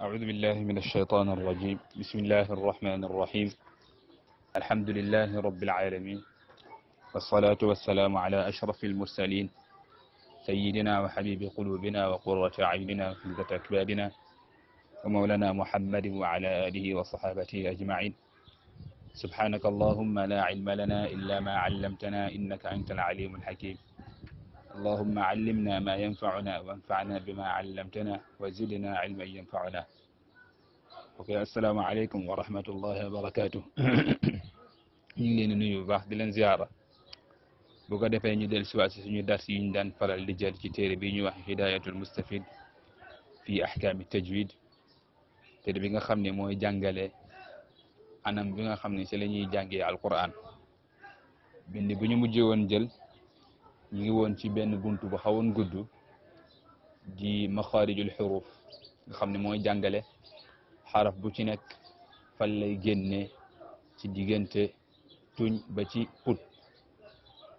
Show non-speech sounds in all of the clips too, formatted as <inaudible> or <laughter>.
أعوذ بالله من الشيطان الرجيم بسم الله الرحمن الرحيم الحمد لله رب العالمين والصلاة والسلام على أشرف المرسلين سيدنا وحبيب قلوبنا وقرة عيننا وحمدة أكبادنا ومولانا محمد وعلى آله وصحابته أجمعين سبحانك اللهم لا علم لنا إلا ما علمتنا إنك أنت العليم الحكيم اللهم علمنا ما ينفعنا وانفعنا بما علمتنا وزدنا علما ينفعنا okay, السلام عليكم ورحمة الله وبركاته نيجي نيجي بعد دلنا زيارة بقدر في نيجي دل سواس نيجي درس يندن فلا الدجال كتير بينو هداية المستفيد في أحكام التجويد تدري بيجا خمني مو جنجالة أنا بيجا خمني سلني جنجي القرآن بندي بيجي مجيون جل ñu ngi woon ci benn bunt bu xawoon gudd di maxaarijul xuruf nga xam ne mooy jàngale xaraf bu ci nekk fan lay génne ci diggante tuñ ba ci put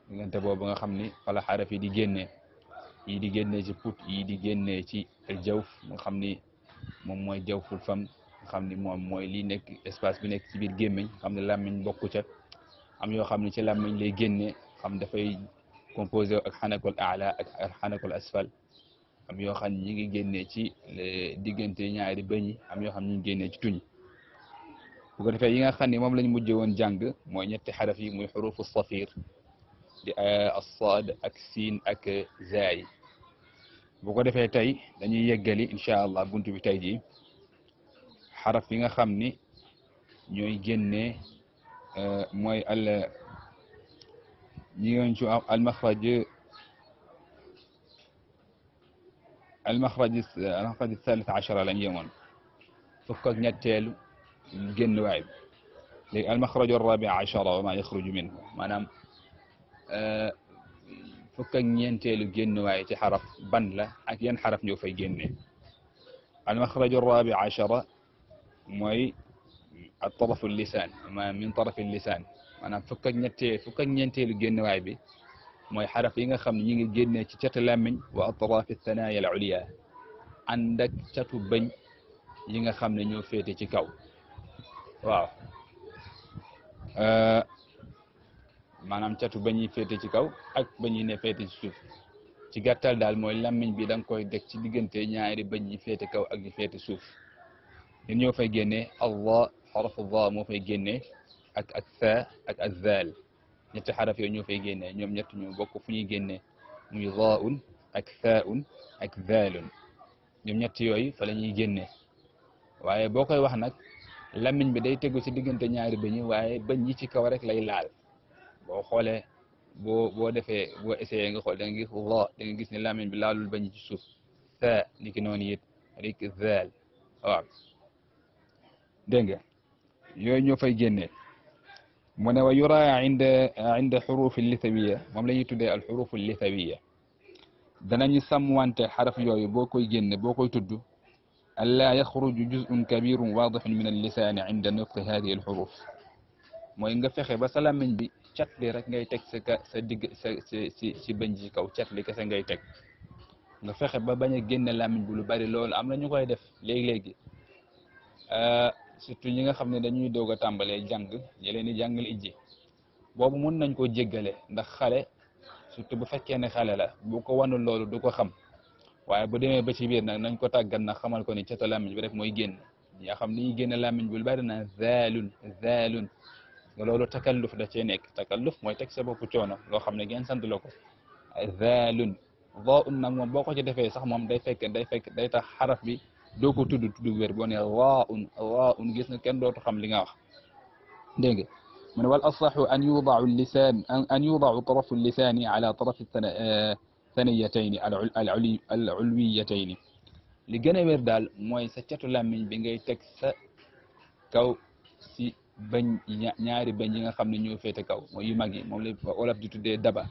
diggante boobu nga xam ni fala xaraf yi di génne yi di génne ci put yi di génne ci jawf nga xam ni moom mooy jawful fam nga xam ni moom mooy li nekk espace bi nekk ci biir gémmiñ xam ne làmmiñ bokku ca am yoo xam ne ci làmmiñ lay génne xam dafay composé xanakul ala ak xanakul asfal am yo xam ñi ngi génné ci digënté ñaari bañ am yo xam ñi ngi génné ci tuñ bu ko defé yi nga xam ni mom lañ mujjé won jàng mooy ñetti xaraf yi muy huruf as safir di as-sad ak sin ak zaay bu ko defé tay dañuy yeggali inshallah buntu bi tay ji xaraf yi nga xam ni ñooy génnee moy al نيونجو المخرج المخرج المخرج الثالث عشر على نيون فكوك نتيل الجن وعيب المخرج الرابع عشر وما يخرج منه ما نام آه، فكوك نتيل الجن وعيب تحرف بنلة أكيد حرف نيو في الجن المخرج الرابع عشر موي الطرف اللسان ما من طرف اللسان maanaam fukk ak ñettee fukk ñeenteelu génnewaay bi mooy xaraf yi nga xam ne ñi ngi génnee ci catu làmmiñ wa atrafi thanaya al ulia ànd catu bëñ yi nga xam ne ñoo féete ci kaw waaw euh, maanaam catu bañ yi féete ci kaw ak bañ yi ne féete ci suuf ci gàttal daal mooy làmmiñ bi da koy deg ci diggante ñaari bañ yi féete kaw ak yi féete suuf ñun ñoo fay génnee allah xaraf allah moo fay génnee ak ak sa ak ak zaal ñetti xaraf yooyu ñoo fay génnee ñoom ñett ñoo bokk fu ñuy génnee muy zaaun ak saaun ñoom ñett yooyu fa génnee waaye boo koy wax nag lamiñ bi day tegu ci diggante ñaari bëñ yi waaye bëñ ci kaw rek lay laal boo xoolee boo boo defee boo essayé nga xool da nga gis ne lamiñ bi laalul bëñ ci suuf sa ni ki noonu rek zaal waaw dégg nga yooyu ñoo fay génnee mu ne wa yuraa inda inda xurufi lithawiya moom la ñuy tuddee al xurufu lithawiya danañu sàmmwante xaraf yooyu boo koy génne boo koy tudd allaa yaxruju juzun kabirun waadixun min al lisaani inda nutqi hadihi al xuruf mooy nga fexe ba sa làmmiñ bi cat li rek ngay teg sa ka sa digg sa si si bëñ ci kaw cat li kese ngay teg nga fexe ba bañ a génne làmmiñ bi lu bari loolu am na ñu koy def léegi-léegi surtout ñi nga xam ne dañuy doog a tàmbalee jàng ñi leen di jàngal ijji boobu mun nañ koo jéggale ndax xale surtout bu fekkee ne xale la bo ko wanul loolu du ko xam waaye bo demee ba ci biir nag nañ ko tàggat na xamal ko ni catu làmmiñ bi rek mooy génn yaa xam ni génn làmmiñ bu bari na zaalun zaalun loolu takalluf da cee nekk takalluf mooy teg sa bopp coono loo xam ne ngeen sant la ko zaalun boo un nag moom boo ko ci defee sax moom day fekk day fekk day tax xaraf bi doo ko tudd tudd wér boo ne raa un raa un gis nga kenn dootu xam li nga wax dégg nga mu ne wal asaxu an yudaau lisaan an yudaau tarafu lisaani ala tarafi thaniyatayni al ulwiyatayni li gën a wér daal mooy sa catu làmmiñ bi ngay teg sa kaw si bañ ñaari bañ yi nga xam ne ñoo féete kaw mooy yu mag yi moom la olaf di tuddee daba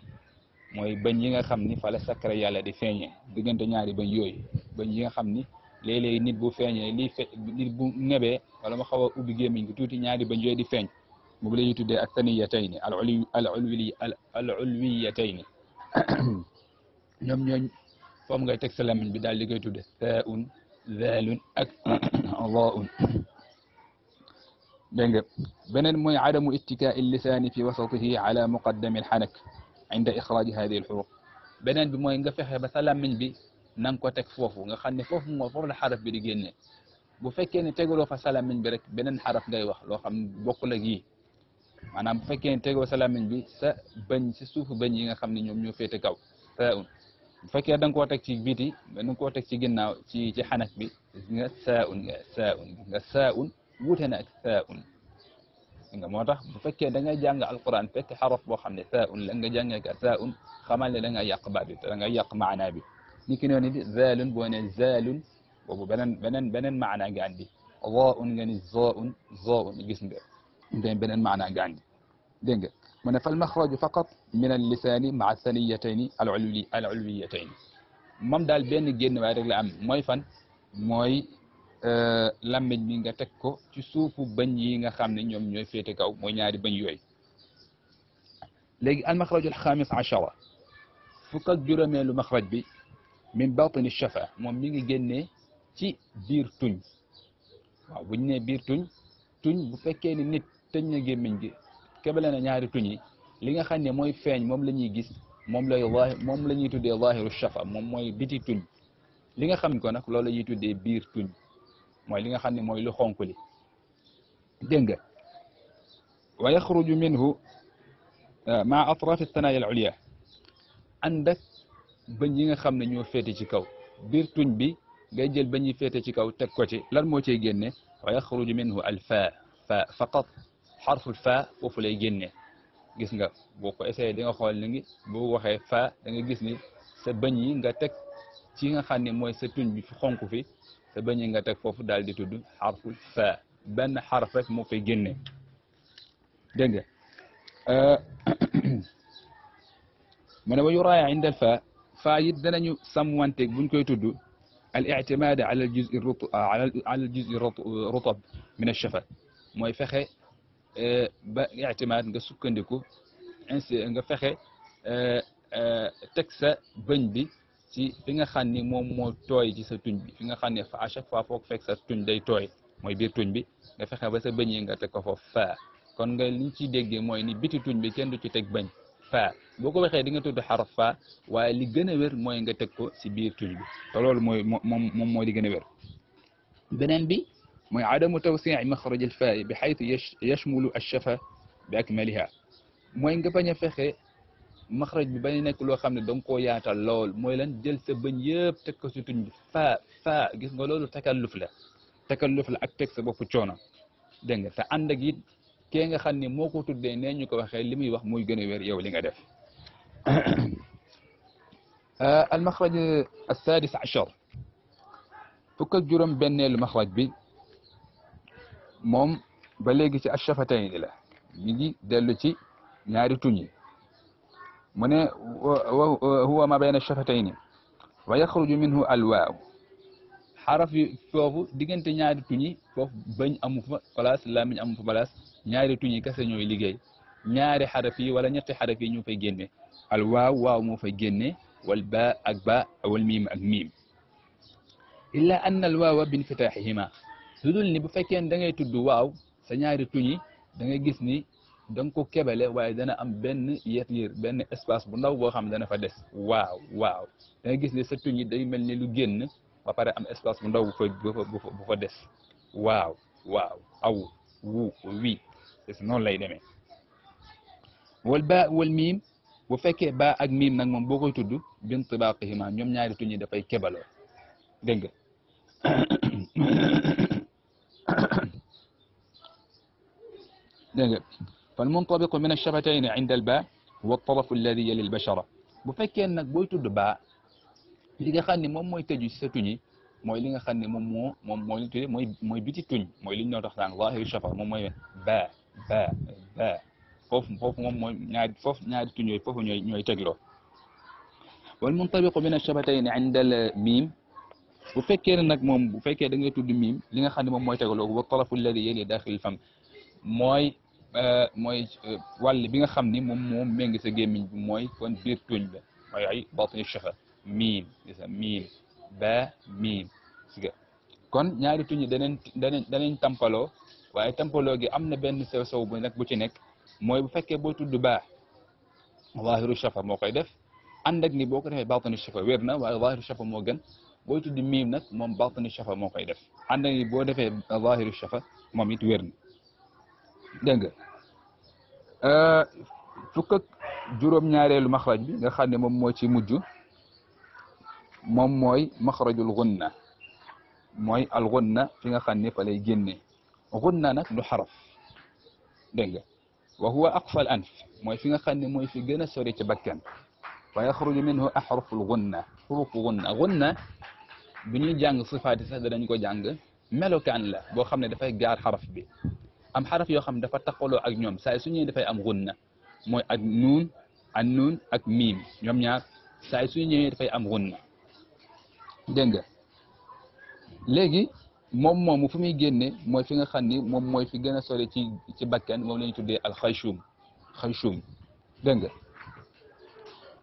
mooy bañ yi nga xam ni fa la sakra yàlla di feeñee diggante ñaari bañ yooyu bañ yi nga xam ni lele leeg nit bu feeñee li fe nit bu ŋebee wala ma xawa ubi gemiñ tuuti ñaari ba ñoy di feñ mo bu lay tuddé ak taniyatayn al ulwi al ulwi al ulwiyatayni ñoom ñooñ foom ngay teg sa bi daal di tudde thaun zaalun ak daun dégg nga beneen mooy adamu ittikaa il fi wasatihi ala muqaddami al xanak inda ixraaji hadihi al xuruuf beneen nga fexe ba sa bi na nga ko teg foofu nga xam ne foofu moo foofu la xaraf bi di génne bu fekkee ne tegaloo fa salamin bi rek beneen xaraf ngay wax loo xam ne bokkul ak yii maanaam bu fekkee ne tegaloo salamin bi sa bañ si suufu bañ yi nga xam ne ñoom ñoo féete kaw saaun bu fekkee da nga koo teg ci biti da koo teg ci ginnaaw ci ci xanak bi nga nga saaun nga wuute na ak saaun moo tax bu fekkee da ngay jàng alquran fekk xaraf boo xam ne saaun la nga jàngee ka saaun xamal ne da nga yàq baat bi te da yàq maanaa bi نيكن يعني ذال بوان زال وبو بنن بنن بنن معنى عندي ضاء يعني زاء زاء الجسم ده بنن بنن معنى عندي دينجا من فالمخرج فقط من اللسان مع الثنيتين العلوي العلويتين مام دال بين جن وارجل ام موي فان موي آه، لم نيغا تكو تي سوفو بن ييغا خامني نيوم نيو فيتي كاو موي نياري بن يوي لي المخرج الخامس عشرة فكك جرمي المخرج بي min batni shafa moom mi ngi génnee ci biir tuñ waaw bu ñu nee biir tuñ tuñ bu fekkee ni nit tëñ na gémmiñ gi kebale na ñaari tuñ li nga xam ne mooy feeñ moom la ñuy gis moom lay moom la ñuy tuddee zahiru shafa moom mooy biti tuñ li nga xam ko nag loolu la ñuy tuddee biir tuñ mooy li nga xam ne mooy lu xonk li dégg nga wa yaxruju minhu maa atrafi thanaya al ulya ànd ak bëñ yi nga xam ne ñoo féete ci kaw biir tuñ bi ngay jël bañ yi féete ci kaw teg ko ci lan moo ciy génne wa yaxruju minhu al faa faa faqat xarful faa foofu lay génne gis nga boo ko essayé di nga xool ni ngi boo waxee faa da nga gis ni sa bëñ yi nga teg ci nga xam ne mooy sa tuñ bi fi xonk fi sa bëñ yi nga teg foofu daal di tudd xarful faa benn xarf rek moo fay génne dégg nga euh, <coughs> mu ne wa yuraaya faa faa it danañu sàmmanteeg buñ koy tudd al ictimaad ala aljuzi ala aljuzi rutab min alchafa mooy fexe e, ba ictimaad nga sukkandiku ainsi nga fexe e, e, teg sa bëñ bi ci fi nga xam ni moom moo tooy ci sa tuñ bi fi nga xam ne fa à chaque fois foog fekk sa tuñ day tooy mooy biir tuñ bi nga fexe ba sa bëñ yi nga teg ko foofu faa kon nga liñ ciy déggee mooy ni biti tuñ bi kenn du ci teg bëñ fa boo ko di nga tuddu harf fa waye li gëna wér moy nga tekk ko ci biir tuj bi ta loolu moy mom moom moo di gën wér benen bi moy adamu tawsii makhraj al fa bi hayth yashmulu shafa bi akmaliha moy nga baña fexe makhraj bi bañ nek lo loo dang ko yaata koo yaatal lool mooy lan jël sa bañ yëpp tekk ko ci tuñ bi fa fa gis nga loolu takalluf la takalluf la ak teg sa bopp coono deng nga te ànd ak kee nga xam ne moo ko tuddee nee ñu ko waxee li muy wax muy gën a wér yow li nga def <coughs> euh, almaxraj assadis achar fukk ak juróom benneelu maxraj bi moom ba léegi ci achafatayn la mi ngi dellu ci ñaari tuñ yi mu ne huwa ma bayna achafatayn wa yaxruju minhu xaraf yi foofu diggante ñaari tuñi foofu bañ amu fa place lamiñ amu fa place ñaari tuñi kese ñooy liggéey ñaari xaraf yi wala ñetti xaraf yi ñu fay génne al waaw waaw moo fay génne wal ba ak ba wal miim ak miim illa anna al waawa bin fitaxihima lu dul ni bu fekkee da dangay tudd waaw sa ñaari tuñi da ngay gis ni da nga ko kebale waaye dana am benn yetliir benn espace bu ndaw boo xam dana fa des waaw waaw da gis ni sa tuñi day mel ni lu génn ba pare am espace bu ndaw bu fa bu fa des waaw waaw aw wu wi c'est non lay démé wal ba wal mim bu fekkee ba ak mim nak mom bokoy tuddu bin tibaqihima ñom ñaari tuñi dafay kebaloo dégg nga dégg nga falmuntabiqu min alshafatayni inda albaa huwa altaraf alladi yali albashara bu fekkee nag booy tudd baa li nga xam mom moy tëju ci sa tuñ yi li nga xam mom mo mom moy li tuddee moy moy biti tuñ moy li ñu doon tax naan waaxiru shafa mom moy ba ba ba fofu fofu mom moy ñaar fofu ñaar tuñ yoy fofu ñoy ñoy teglo wal muntabiqu min ash-shabatayn inda al mim bu fekkee ne nag moom bu fekkee da ngay tudd miim li nga xam ne moom mooy tegaloo wa tarafu alladi yali daaxil fam mooy mooy wàll bi nga xam ni moom moo méngi sa gémmiñ bi mooy kon biir tuñ ba mooy ay batni shafa miim gis nga ba miim kon ñaari tuñ yi danañ danañ waaye tampaloo gi am na benn sew sew bo nag bu ci nekk mooy bu fekkee boo tudd baa waahiru shafa moo koy def ànd ak ni boo ko defee baatanu shafa wér na waaye waahiru shafa moo gën boo tudd miim nag moom baatanu shafa moo koy def ànd ni boo defee waahiru shafa moom it wér na dégg nga euh, fukk ak juróom-ñaareelu maxraj bi nga xam ne moom moo ci mujj moom mooy maxrajul gunna mooy al gunna fi nga xam ne fa lay génne gunna nag du xaraf dégg nga wa huwa aqfa al anf mooy fi nga xam ne mooy fi gën a sori ci bakkan wa yaxruju minhu axruful gunna xurufu gunna gunna bi ñuy jàng sifaati sax danañ ko jàng melokaan la boo xam ne dafay gaar xaraf bi am xaraf yoo xam ne dafa taqaloo ak ñoom saa su ñëwee dafay am gunna mooy ak nuun ak nuun ak miim ñoom ñaar saa su ñëwee dafay am gunna dégg nga léegi moom moomu fu muy génne mooy fi nga xam ni moom mooy fi gën a sore ci ci bakkan moom la ñu tuddee al xayshum xayshum dégg nga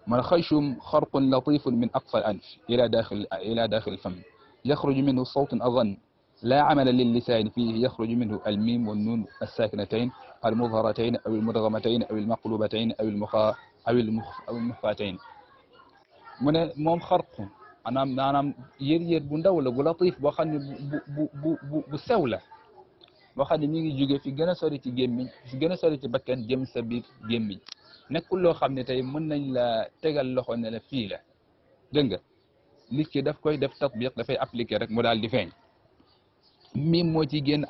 man xayshum xarqun latifun min aqsa al anf ila daxil ila daxil fam yaxruju minhu sawtun adan لا عمل للسان فيه يخرج منه الميم والنون الساكنتين المظهرتين أو المدغمتين أو المقلوبتين أو المخا أو المخ أو المخفاتين من موم خرق انا انا ير ير بوندا ولا بو لطيف واخاني بو بو بو سوله واخاني ميغي جوغي في غنا سوري تي جيمي في غنا سوري تي بكان جيم سبيت جيمي نيكول لو خامني تاي من نان لا تيغال لوخو نلا في لا كوي داف تطبيق دافاي ابليكي رك مو دال دي فين ميم مو تي ген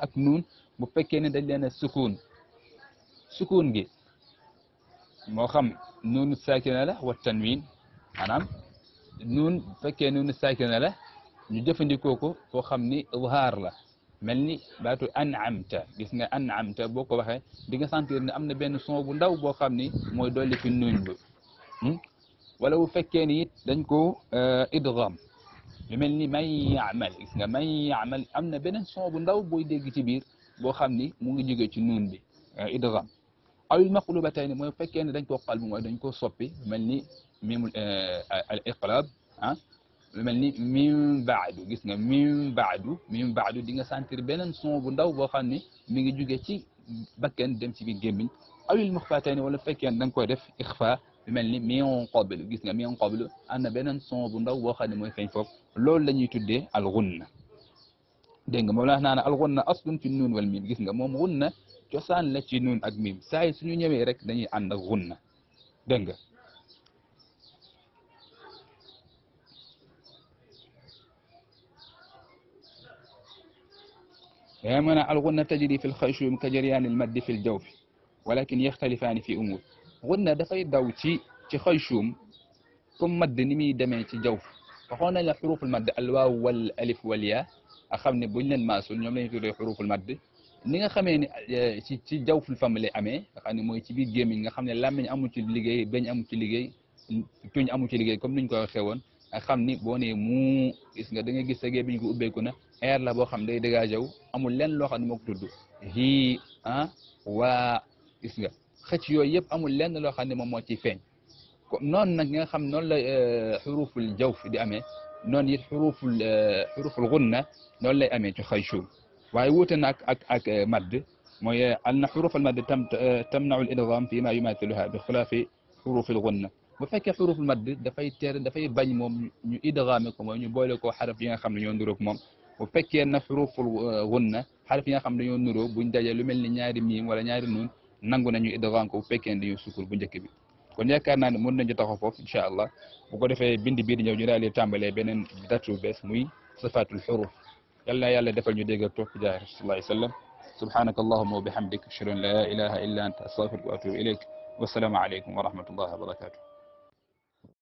سكون سكون جي مو خام نون ساكنه لا والتنوين انام نون فكي نون ساكنة له نجفن دي كوكو فخمني إظهار له ملني باتو أنعمت جسنا أنعمت بوكو بخي ديجا سانتير نعمنا بين صوب ونداو بو خمني موي دولي في النون بو ولو فكيني دنكو آه، إدغام يملني من يعمل جسنا من يعمل أمنا بين صوب ونداو بو يديك تبير بو خمني موي ديجي في النون بي آه، إدغام أو المقلوبتين موي فكيني دنكو قلب موي دنكو صوبي ملني ميم آه، آه، الاقراب ها ملني ميم بعد غيسنا ميم بعد ميم بعد ديغا سانتير بنن سون بو نداو بو خاني ميغي جوغي سي باكن ديم سي غيمين او المخفاتين ولا فكان دنجكو ديف اخفاء ملني ميون قبل غيسنا ميون قبل انا بنن سون بو نداو بو خاني موي فاج فوك لول لا نيي تودي الغن دنج مولا نانا الغن اصل في النون والميم غيسنا موم غن جوسان لا سي نون اك ميم ساي سونو نيوي رك دانيي اند غن دنج فيمنع الغنة تجري في الخيشوم كجريان المد في الجوف ولكن يختلفان في أمور غنة دخل داوتي في خيشوم كم مد نمي دمي في الجوف فهنا حروف المد الواو والألف والياء أخبني بولن الماسون يوم في حروف المد نيغا خامي سي آه، سي جوف الفم لي امي خاني يعني موي سي بي جيمين نيغا خامي لا ميني امو سي ليغي بن امو سي ليغي توني امو سي ليغي كوم نين كو واخيون خامني بوني مو غيس نغا داغي غيس ساغي بن كو اوبيكو air la bo xam day dégagé wu amul lenn loo xam ne moo ko tudd hi ah wa gis nga xëcc yooyu yëpp amul lenn loo xam ne moom moo ciy feeñ noonu nag nga xam noonu la xuruful jawf di amee noonu it xuruful xuruful gunna noonu lay amee ci xayshum waaye wuute na ak ak ak madd mooy anna al madd tam tamnaul idgham fi ma yumathiluha bi xilaafi xurufil gunna bu fekkee xuruful madd dafay teer dafay bañ moom ñu idgaame ko mooy ñu boole ko xaraf yi nga xam ne ñoo nduróog moom وفكر نفرو فلغنة حرف يخم ليون نرو بنجاجة لمن لنياري ميم ولا نياري نون نانغو نانيو إدغانكو وفكر ليون سكر بنجاكي بي كون يكار نان مون نجو تخفوف إن شاء الله وكودي في بند بير نجو نرى لي تعمل بنن داتو بس موي صفات الحروف يلا يلا دفل نجو ديگر توفي جاهر صلى الله عليه وسلم سبحانك اللهم وبحمدك شرون لا إله إلا أنت أصافر وأتوب إليك والسلام عليكم ورحمة الله وبركاته